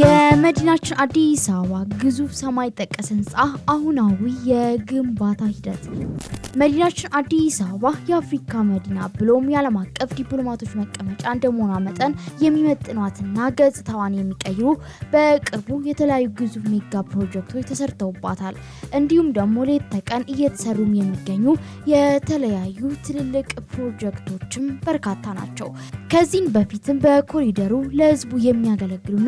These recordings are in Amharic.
የመዲናችን አዲስ አበባ ግዙፍ ሰማይ ጠቀስ ህንፃ አሁናዊ የግንባታ ሂደት። መዲናችን አዲስ አበባ የአፍሪካ መዲና ብሎም የዓለም አቀፍ ዲፕሎማቶች መቀመጫ እንደመሆኗ መጠን የሚመጥኗትና ገጽታዋን የሚቀይሩ በቅርቡ የተለያዩ ግዙፍ ሜጋ ፕሮጀክቶች ተሰርተውባታል። እንዲሁም ደግሞ ሌት ተቀን እየተሰሩም የሚገኙ የተለያዩ ትልልቅ ፕሮጀክቶችም በርካታ ናቸው። ከዚህም በፊትም በኮሪደሩ ለህዝቡ የሚያገለግሉና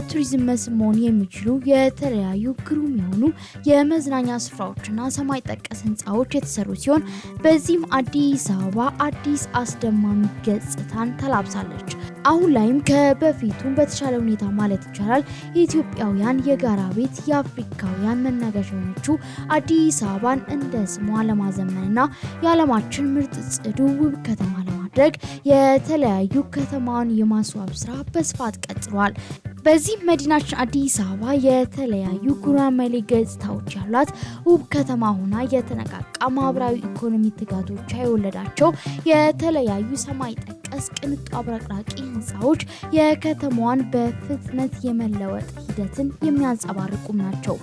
ለቱሪዝም መስህብ መሆን የሚችሉ የተለያዩ ግሩም የሆኑ የመዝናኛ ስፍራዎችና ሰማይ ጠቀስ ህንፃዎች የተሰሩ ሲሆን በዚህም አዲስ አበባ አዲስ አስደማሚ ገጽታን ተላብሳለች። አሁን ላይም ከበፊቱም በተሻለ ሁኔታ ማለት ይቻላል የኢትዮጵያውያን የጋራ ቤት የአፍሪካውያን መናገሻ የሆነችው አዲስ አበባን እንደ ስሟ ለማዘመንና የዓለማችን ምርጥ ጽዱ ውብ ከተማ ለማድረግ የተለያዩ ከተማውን የማስዋብ ስራ በስፋት ቀጥሏል። በዚህ መዲናችን አዲስ አበባ የተለያዩ ጉራማይሌ ገጽታዎች ያሏት ውብ ከተማ ሆና የተነቃቃ ማህበራዊ ኢኮኖሚ ትጋቶቿ የወለዳቸው የተለያዩ ሰማይ ጠቀስ ጠቀስ ቅንጡ አብረቅራቂ ህንፃዎች የከተማዋን በፍጥነት የመለወጥ ሂደትን የሚያንጸባርቁም ናቸው።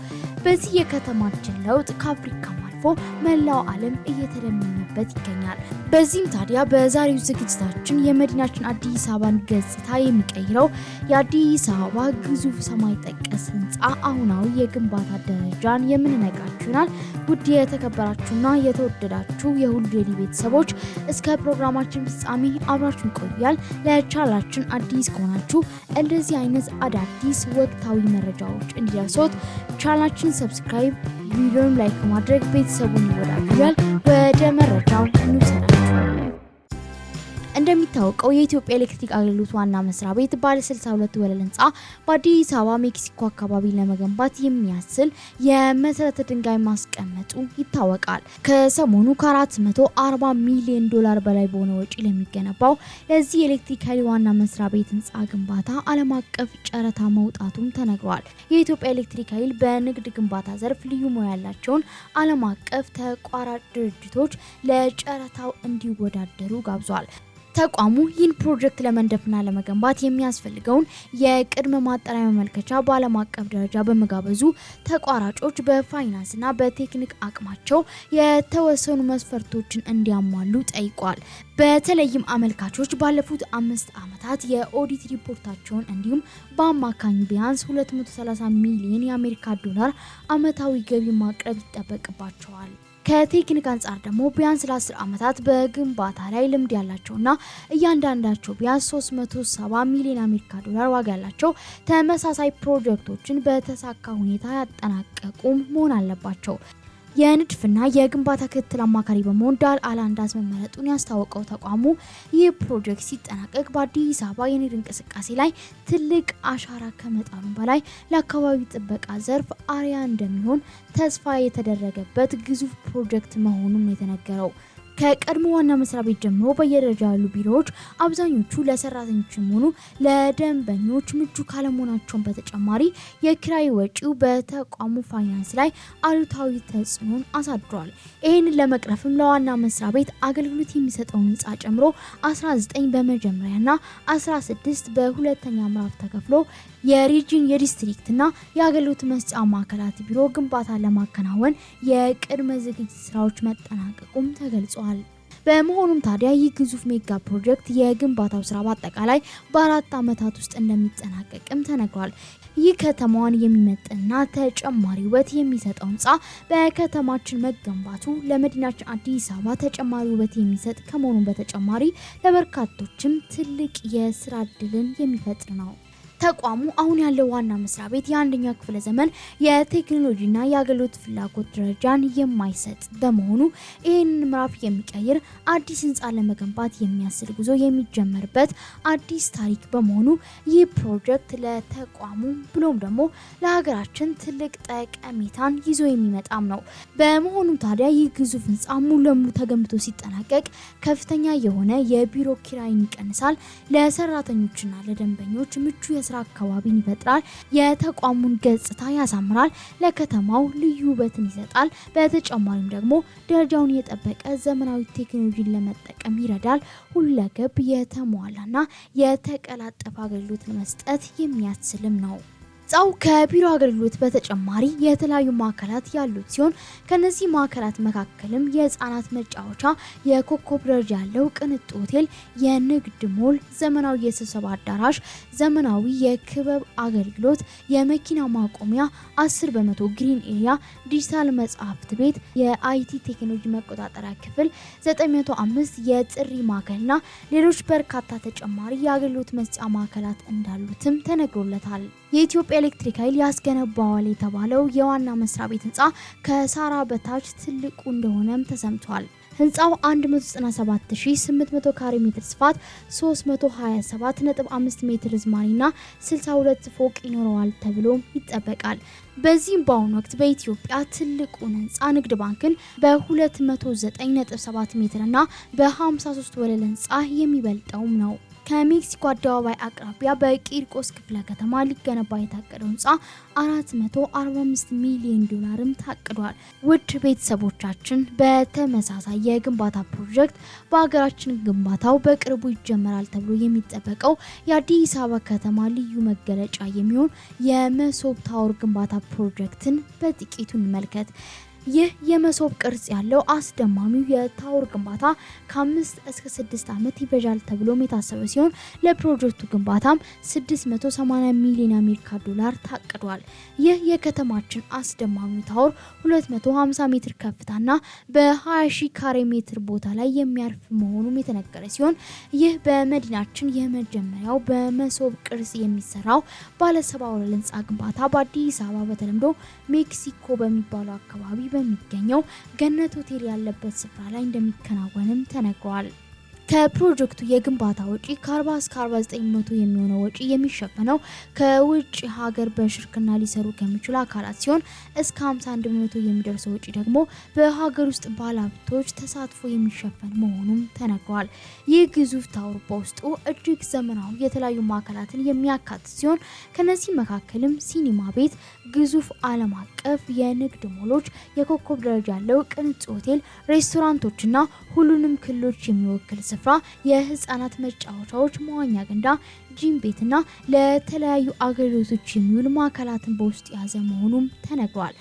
በዚህ የከተማችን ለውጥ ከአፍሪካ ተሳትፎ መላው ዓለም እየተለመነበት ይገኛል። በዚህም ታዲያ በዛሬው ዝግጅታችን የመዲናችን አዲስ አበባን ገጽታ የሚቀይረው የአዲስ አበባ ግዙፍ ሰማይ ጠቀስ ህንፃ አሁናዊ የግንባታ ደረጃን የምንነግራችሁ ይሆናል። ውድ የተከበራችሁና የተወደዳችሁ የሁሉ ዴይሊ ቤተሰቦች እስከ ፕሮግራማችን ፍጻሜ አብራችሁን ቆያል። ለቻላችን አዲስ ከሆናችሁ እንደዚህ አይነት አዳዲስ ወቅታዊ መረጃዎች እንዲደርሶት ቻላችን ሰብስክራይብ ቪዲዮን ላይክ ማድረግ ቤተሰቡን ይወዳል። ወደ መረጃው እንውሰዳቸው። እንደሚታወቀው የኢትዮጵያ ኤሌክትሪክ አገልግሎት ዋና መስሪያ ቤት ባለ 62 ወለል ህንፃ በአዲስ አበባ ሜክሲኮ አካባቢ ለመገንባት የሚያስችል የመሰረተ ድንጋይ ማስቀመጡ ይታወቃል። ከሰሞኑ ከ440 ሚሊዮን ዶላር በላይ በሆነ ወጪ ለሚገነባው ለዚህ የኤሌክትሪክ ኃይል ዋና መስሪያ ቤት ህንፃ ግንባታ ዓለም አቀፍ ጨረታ መውጣቱም ተነግሯል። የኢትዮጵያ ኤሌክትሪክ ኃይል በንግድ ግንባታ ዘርፍ ልዩ ሙያ ያላቸውን ዓለም አቀፍ ተቋራጭ ድርጅቶች ለጨረታው እንዲወዳደሩ ጋብዟል። ተቋሙ ይህን ፕሮጀክት ለመንደፍና ለመገንባት የሚያስፈልገውን የቅድመ ማጣሪያ መመልከቻ በዓለም አቀፍ ደረጃ በመጋበዙ ተቋራጮች በፋይናንስና በቴክኒክ አቅማቸው የተወሰኑ መስፈርቶችን እንዲያሟሉ ጠይቋል። በተለይም አመልካቾች ባለፉት አምስት ዓመታት የኦዲት ሪፖርታቸውን እንዲሁም በአማካኝ ቢያንስ 230 ሚሊዮን የአሜሪካ ዶላር ዓመታዊ ገቢ ማቅረብ ይጠበቅባቸዋል። ከቴክኒክ አንጻር ደግሞ ቢያንስ ለ10 ዓመታት በግንባታ ላይ ልምድ ያላቸውና እያንዳንዳቸው ቢያንስ 370 ሚሊዮን አሜሪካ ዶላር ዋጋ ያላቸው ተመሳሳይ ፕሮጀክቶችን በተሳካ ሁኔታ ያጠናቀቁም መሆን አለባቸው። የንድፍና የግንባታ ክትትል አማካሪ በመሆን ዳር አላንዳዝ መመረጡን ያስታወቀው ተቋሙ ይህ ፕሮጀክት ሲጠናቀቅ በአዲስ አበባ የንግድ እንቅስቃሴ ላይ ትልቅ አሻራ ከመጣሉ በላይ ለአካባቢ ጥበቃ ዘርፍ አሪያ እንደሚሆን ተስፋ የተደረገበት ግዙፍ ፕሮጀክት መሆኑን የተነገረው ከቀድሞ ዋና መስሪያ ቤት ጀምሮ በየደረጃ ያሉ ቢሮዎች አብዛኞቹ ለሰራተኞችም ሆኑ ለደንበኞች ምቹ ካለመሆናቸውን በተጨማሪ የኪራይ ወጪው በተቋሙ ፋይናንስ ላይ አሉታዊ ተጽዕኖን አሳድሯል። ይህንን ለመቅረፍም ለዋና መስሪያ ቤት አገልግሎት የሚሰጠውን ህንፃ ጨምሮ 19 በመጀመሪያና 16 በሁለተኛ ምዕራፍ ተከፍሎ የሪጅን የዲስትሪክትና የአገልግሎት መስጫ ማዕከላት ቢሮ ግንባታ ለማከናወን የቅድመ ዝግጅት ስራዎች መጠናቀቁም ተገልጿል። ተጠቅሟል። በመሆኑም ታዲያ ይህ ግዙፍ ሜጋ ፕሮጀክት የግንባታው ስራ በአጠቃላይ በአራት ዓመታት ውስጥ እንደሚጠናቀቅም ተነግሯል። ይህ ከተማዋን የሚመጥና ተጨማሪ ውበት የሚሰጠው ህንፃ በከተማችን መገንባቱ ለመዲናችን አዲስ አበባ ተጨማሪ ውበት የሚሰጥ ከመሆኑ በተጨማሪ ለበርካቶችም ትልቅ የስራ እድልን የሚፈጥር ነው። ተቋሙ አሁን ያለው ዋና መስሪያ ቤት የአንደኛው ክፍለ ዘመን የቴክኖሎጂና የአገልግሎት ፍላጎት ደረጃን የማይሰጥ በመሆኑ ይህንን ምዕራፍ የሚቀይር አዲስ ህንፃ ለመገንባት የሚያስችል ጉዞ የሚጀመርበት አዲስ ታሪክ በመሆኑ ይህ ፕሮጀክት ለተቋሙ ብሎም ደግሞ ለሀገራችን ትልቅ ጠቀሜታን ይዞ የሚመጣም ነው። በመሆኑ ታዲያ ይህ ግዙፍ ህንፃ ሙሉ ለሙሉ ተገንብቶ ሲጠናቀቅ ከፍተኛ የሆነ የቢሮ ኪራይን ይቀንሳል፣ ለሰራተኞችና ለደንበኞች ምቹ የስራ አካባቢን ይፈጥራል፣ የተቋሙን ገጽታ ያሳምራል፣ ለከተማው ልዩ ውበትን ይሰጣል። በተጨማሪም ደግሞ ደረጃውን የጠበቀ ዘመናዊ ቴክኖሎጂን ለመጠቀም ይረዳል። ሁለገብ የተሟላና የተቀላጠፈ አገልግሎትን መስጠት የሚያስችልም ነው። ህንፃው ከቢሮ አገልግሎት በተጨማሪ የተለያዩ ማዕከላት ያሉት ሲሆን ከነዚህ ማዕከላት መካከልም የህፃናት መጫወቻ፣ የኮከብ ደረጃ ያለው ቅንጡ ሆቴል፣ የንግድ ሞል፣ ዘመናዊ የስብሰባ አዳራሽ፣ ዘመናዊ የክበብ አገልግሎት፣ የመኪና ማቆሚያ፣ 10 በመቶ ግሪን ኤሪያ፣ ዲጂታል መጽሐፍት ቤት፣ የአይቲ ቴክኖሎጂ መቆጣጠሪያ ክፍል 905 የጥሪ ማዕከልና ሌሎች በርካታ ተጨማሪ የአገልግሎት መስጫ ማዕከላት እንዳሉትም ተነግሮለታል። የኢትዮጵያ በኤሌክትሪክ ኃይል ያስገነባዋል የተባለው የዋና መስሪያ ቤት ህንፃ ከሳራ በታች ትልቁ እንደሆነም ተሰምቷል። ህንፃው 197800 ካሬ ሜትር ስፋት፣ 327.5 ሜትር ዝማኔና 62 ፎቅ ይኖረዋል ተብሎ ይጠበቃል። በዚህም በአሁኑ ወቅት በኢትዮጵያ ትልቁን ህንፃ ንግድ ባንክን በ ሜትር እና በ53 ወለል ህንፃ የሚበልጠውም ነው። ከሜክሲኮ አደባባይ አቅራቢያ በቂርቆስ ክፍለ ከተማ ሊገነባ የታቀደው ህንፃ 445 ሚሊዮን ዶላርም ታቅዷል። ውድ ቤተሰቦቻችን፣ በተመሳሳይ የግንባታ ፕሮጀክት በሀገራችን ግንባታው በቅርቡ ይጀመራል ተብሎ የሚጠበቀው የአዲስ አበባ ከተማ ልዩ መገለጫ የሚሆን የመሶብ ታወር ግንባታ ፕሮጀክትን በጥቂቱ እንመልከት። ይህ የመሶብ ቅርጽ ያለው አስደማሚው የታወር ግንባታ ከአምስት እስከ ስድስት ዓመት ይፈጃል ተብሎም የታሰበ ሲሆን ለፕሮጀክቱ ግንባታም 680 ሚሊዮን አሜሪካ ዶላር ታቅዷል። ይህ የከተማችን አስደማሚው ታወር 250 ሜትር ከፍታና በ20 ሺ ካሬ ሜትር ቦታ ላይ የሚያርፍ መሆኑም የተነገረ ሲሆን ይህ በመዲናችን የመጀመሪያው በመሶብ ቅርጽ የሚሰራው ባለሰባ ወለል ህንፃ ግንባታ በአዲስ አበባ በተለምዶ ሜክሲኮ በሚባለው አካባቢ በሚገኘው ገነት ሆቴል ያለበት ስፍራ ላይ እንደሚከናወንም ተነግሯል። ከፕሮጀክቱ የግንባታ ወጪ ከ40 እስከ 49 መቶ የሚሆነው ወጪ የሚሸፈነው ከውጭ ሀገር በሽርክና ሊሰሩ ከሚችሉ አካላት ሲሆን እስከ 51 መቶ የሚደርሰው ወጪ ደግሞ በሀገር ውስጥ ባለሀብቶች ተሳትፎ የሚሸፈን መሆኑም ተነግሯል። ይህ ግዙፍ ታወር በውስጡ እጅግ ዘመናዊ የተለያዩ ማዕከላትን የሚያካትት ሲሆን ከነዚህ መካከልም ሲኒማ ቤት፣ ግዙፍ ዓለም አቀፍ የንግድ ሞሎች፣ የኮከብ ደረጃ ያለው ቅንጡ ሆቴል፣ ሬስቶራንቶችና ሁሉንም ክልሎች የሚወክል ስፍራ፣ የህፃናት መጫወቻዎች፣ መዋኛ ገንዳ፣ ጂም ቤትና ለተለያዩ አገልግሎቶች የሚውል ማዕከላትን በውስጥ የያዘ መሆኑም ተነግሯል።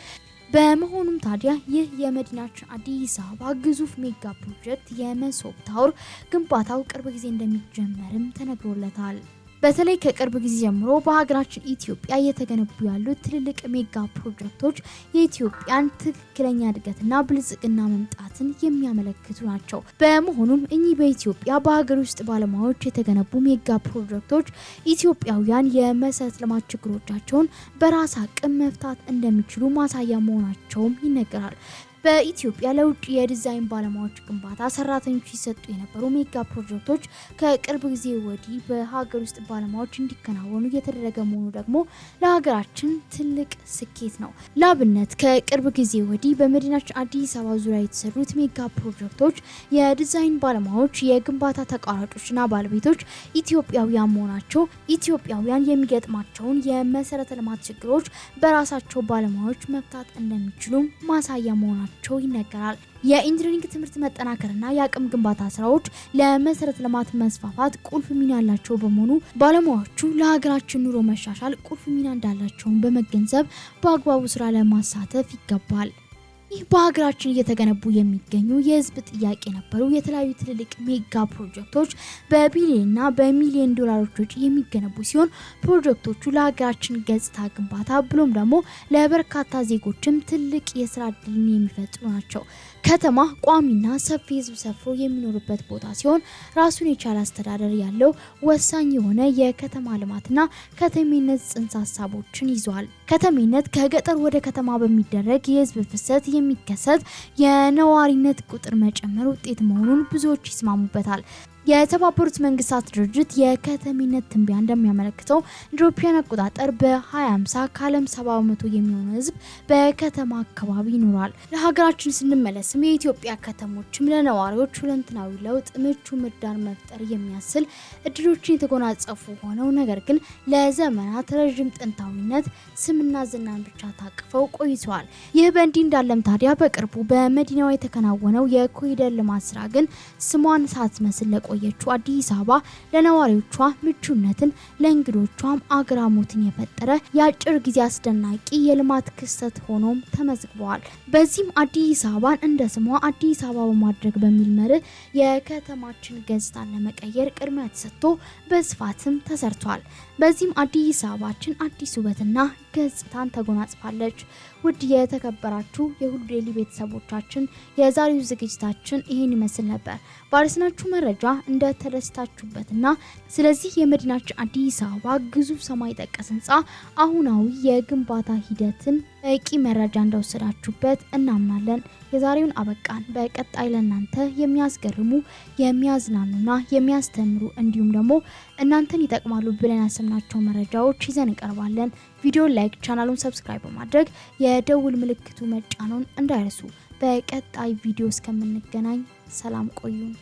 በመሆኑም ታዲያ ይህ የመዲናችን አዲስ አበባ ግዙፍ ሜጋ ፕሮጀክት የመሶብ ታወር ግንባታው ቅርብ ጊዜ እንደሚጀመርም ተነግሮለታል። በተለይ ከቅርብ ጊዜ ጀምሮ በሀገራችን ኢትዮጵያ እየተገነቡ ያሉት ትልልቅ ሜጋ ፕሮጀክቶች የኢትዮጵያን ትክክለኛ እድገትና ብልጽግና መምጣትን የሚያመለክቱ ናቸው። በመሆኑም እኚህ በኢትዮጵያ በሀገር ውስጥ ባለሙያዎች የተገነቡ ሜጋ ፕሮጀክቶች ኢትዮጵያውያን የመሰትልማት ልማት ችግሮቻቸውን በራስ አቅም መፍታት እንደሚችሉ ማሳያ መሆናቸውም ይነገራል። በኢትዮጵያ ለውጭ የዲዛይን ባለሙያዎች ግንባታ ሰራተኞች ሲሰጡ የነበሩ ሜጋ ፕሮጀክቶች ከቅርብ ጊዜ ወዲህ በሀገር ውስጥ ባለሙያዎች እንዲከናወኑ እየተደረገ መሆኑ ደግሞ ለሀገራችን ትልቅ ስኬት ነው። ላብነት ከቅርብ ጊዜ ወዲህ በመዲናችን አዲስ አበባ ዙሪያ የተሰሩት ሜጋ ፕሮጀክቶች የዲዛይን ባለሙያዎች፣ የግንባታ ተቋራጮችና ባለቤቶች ኢትዮጵያውያን መሆናቸው ኢትዮጵያውያን የሚገጥማቸውን የመሰረተ ልማት ችግሮች በራሳቸው ባለሙያዎች መፍታት እንደሚችሉም ማሳያ መሆናቸው መሆናቸው ይነገራል። የኢንጂነሪንግ ትምህርት መጠናከርና የአቅም ግንባታ ስራዎች ለመሰረተ ልማት መስፋፋት ቁልፍ ሚና ያላቸው በመሆኑ ባለሙያዎቹ ለሀገራችን ኑሮ መሻሻል ቁልፍ ሚና እንዳላቸውን በመገንዘብ በአግባቡ ስራ ለማሳተፍ ይገባል። ይህ በሀገራችን እየተገነቡ የሚገኙ የህዝብ ጥያቄ ነበሩ። የተለያዩ ትልልቅ ሜጋ ፕሮጀክቶች በቢሊዮንና በሚሊዮን ዶላሮች ወጪ የሚገነቡ ሲሆን ፕሮጀክቶቹ ለሀገራችን ገጽታ ግንባታ ብሎም ደግሞ ለበርካታ ዜጎችም ትልቅ የስራ እድልን የሚፈጥሩ ናቸው። ከተማ ቋሚና ሰፊ ህዝብ ሰፍሮ የሚኖርበት ቦታ ሲሆን ራሱን የቻለ አስተዳደር ያለው ወሳኝ የሆነ የከተማ ልማትና ከተሜነት ጽንሰ ሀሳቦችን ይዟል። ከተሜነት ከገጠር ወደ ከተማ በሚደረግ የህዝብ ፍሰት የሚከሰት የነዋሪነት ቁጥር መጨመር ውጤት መሆኑን ብዙዎች ይስማሙበታል። የተባበሩት መንግስታት ድርጅት የከተሜነት ትንቢያ እንደሚያመለክተው እንደ አውሮፓውያን አቆጣጠር በ2050 ከዓለም 70 በመቶ የሚሆነ ህዝብ በከተማ አካባቢ ይኖራል። ለሀገራችን ስንመለስም የኢትዮጵያ ከተሞችም ለነዋሪዎች ሁለንትናዊ ለውጥ ምቹ ምህዳር መፍጠር የሚያስችል እድሎችን የተጎናጸፉ ሆነው ነገር ግን ለዘመናት ረዥም ጥንታዊነት ስምና ዝናን ብቻ ታቅፈው ቆይተዋል። ይህ በእንዲህ እንዳለም ታዲያ በቅርቡ በመዲናዋ የተከናወነው የኮሪደር ልማት ስራ ግን ስሟን ሳትመስል ለቆ የቆየችው አዲስ አበባ ለነዋሪዎቿ ምቹነትን ለእንግዶቿም አግራሞትን የፈጠረ የአጭር ጊዜ አስደናቂ የልማት ክስተት ሆኖም ተመዝግበዋል። በዚህም አዲስ አበባን እንደ ስሟ አዲስ አበባ በማድረግ በሚል መርህ የከተማችን ገጽታን ለመቀየር ቅድሚያ ተሰጥቶ በስፋትም ተሰርቷል። በዚህም አዲስ አበባችን አዲስ ውበትና ገጽታን ተጎናጽፋለች። ውድ የተከበራችሁ የሁሉ ዴይሊ ቤተሰቦቻችን የዛሬው ዝግጅታችን ይህን ይመስል ነበር። ባረስናችሁ መረጃ እንደተደስታችሁበትና ስለዚህ የመዲናችን አዲስ አበባ ግዙፍ ሰማይ ጠቀስ ህንፃ አሁናዊ የግንባታ ሂደትን በቂ መረጃ እንደወሰዳችሁበት እናምናለን። የዛሬውን አበቃን። በቀጣይ ለእናንተ የሚያስገርሙ የሚያዝናኑና የሚያስተምሩ እንዲሁም ደግሞ እናንተን ይጠቅማሉ ብለን ያሰብናቸው መረጃዎች ይዘን እንቀርባለን። ቪዲዮ ላይክ፣ ቻናሉን ሰብስክራይብ በማድረግ የደውል ምልክቱ መጫኖን እንዳይረሱ። በቀጣይ ቪዲዮ እስከምንገናኝ ሰላም ቆዩን።